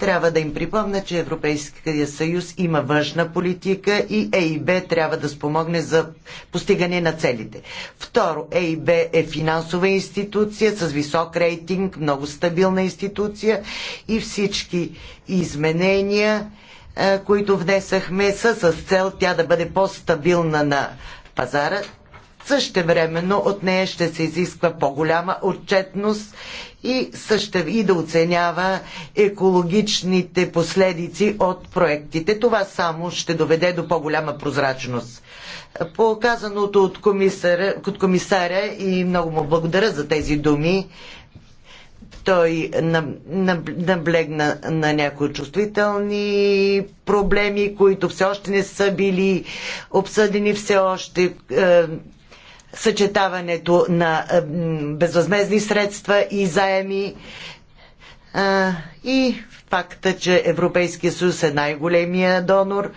трябва да им припомня, че Европейския съюз има външна политика и ЕИБ трябва да спомогне за постигане на целите. Второ, ЕИБ е финансова институция с висок рейтинг, много стабилна институция и всички изменения е, които внесахме, с цел тя да бъде по-стабилна на пазара. времено от нея ще се изисква по-голяма отчетност и, също и да оценява екологичните последици от проектите. Това само ще доведе до по-голяма прозрачност. По казаното от комисаря, от комисаря и много му благодаря за тези думи, той наблегна на някои чувствителни проблеми, които все още не са били обсъдени, все още е, съчетаването на е, безвъзмезни средства и заеми е, и факта, че Европейския съюз е най-големия донор,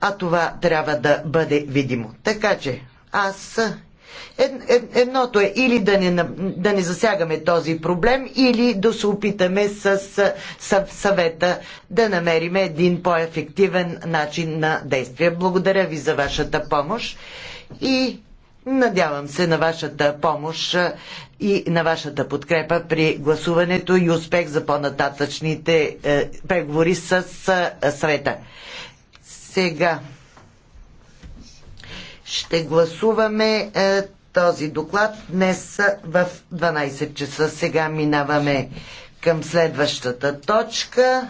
а това трябва да бъде видимо. Така че аз едното е или да не, да не засягаме този проблем, или да се опитаме с, с съвета да намерим един по-ефективен начин на действие. Благодаря ви за вашата помощ и Надявам се на вашата помощ и на вашата подкрепа при гласуването и успех за по-нататъчните е, преговори с съвета. Сега ще гласуваме е, този доклад днес в 12 часа. Сега минаваме към следващата точка.